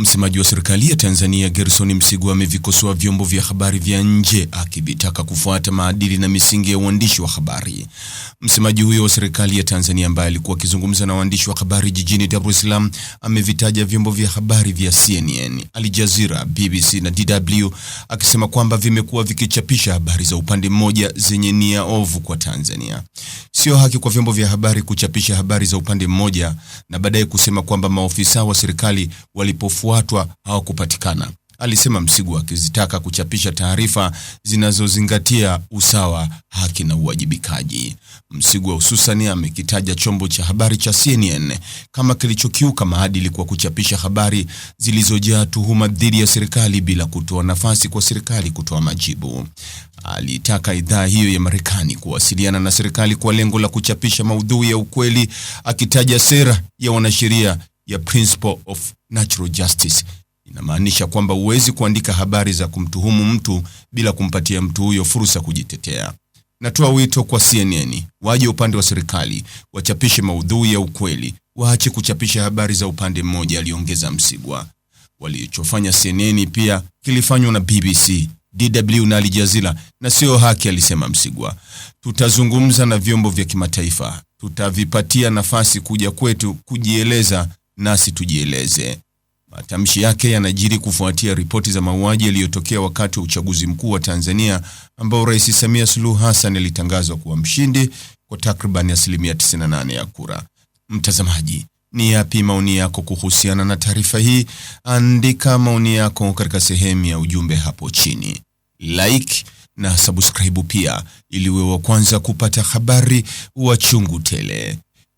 Msemaji wa serikali ya Tanzania Gerson Msigwa amevikosoa vyombo vya habari vya nje akivitaka kufuata maadili na misingi ya uandishi wa habari. Msemaji huyo wa serikali ya Tanzania ambaye alikuwa akizungumza na waandishi wa habari jijini Dar es Salaam amevitaja vyombo vya habari vya CNN, Al Jazeera, BBC na DW akisema kwamba vimekuwa vikichapisha habari za upande mmoja zenye nia ovu kwa Tanzania. Sio haki kwa vyombo vya habari kuchapisha habari za upande mmoja na baadaye kusema kwamba maofisa wa serikali walipofu kufuatwa au kupatikana, alisema Msigu akizitaka kuchapisha taarifa zinazozingatia usawa, haki na uwajibikaji. Msigwa hususani amekitaja chombo cha habari cha CNN kama kilichokiuka maadili kwa kuchapisha habari zilizojaa tuhuma dhidi ya serikali bila kutoa nafasi kwa serikali kutoa majibu. alitaka idhaa hiyo ya Marekani kuwasiliana na serikali kwa lengo la kuchapisha maudhui ya ukweli, akitaja sera ya wanasheria ya Principle of Natural Justice. Inamaanisha kwamba huwezi kuandika habari za kumtuhumu mtu bila kumpatia mtu huyo fursa kujitetea. Natoa wito kwa CNN waje upande wa serikali, wachapishe maudhui ya ukweli, waache kuchapisha habari za upande mmoja, aliongeza Msigwa. Walichofanya CNN pia kilifanywa na BBC, DW na Al Jazeera na sio haki, alisema Msigwa. Tutazungumza na vyombo vya kimataifa, tutavipatia nafasi kuja kwetu kujieleza nasi tujieleze. Matamshi yake yanajiri kufuatia ripoti za mauaji yaliyotokea wakati wa uchaguzi mkuu wa Tanzania ambao Rais Samia Suluhu Hassan alitangazwa kuwa mshindi kwa takriban asilimia 98 ya kura. Mtazamaji, ni yapi maoni yako kuhusiana na taarifa hii? Andika maoni yako katika sehemu ya ujumbe hapo chini. Like na subscribe pia ili uwe wa kwanza kupata habari wa chungu tele.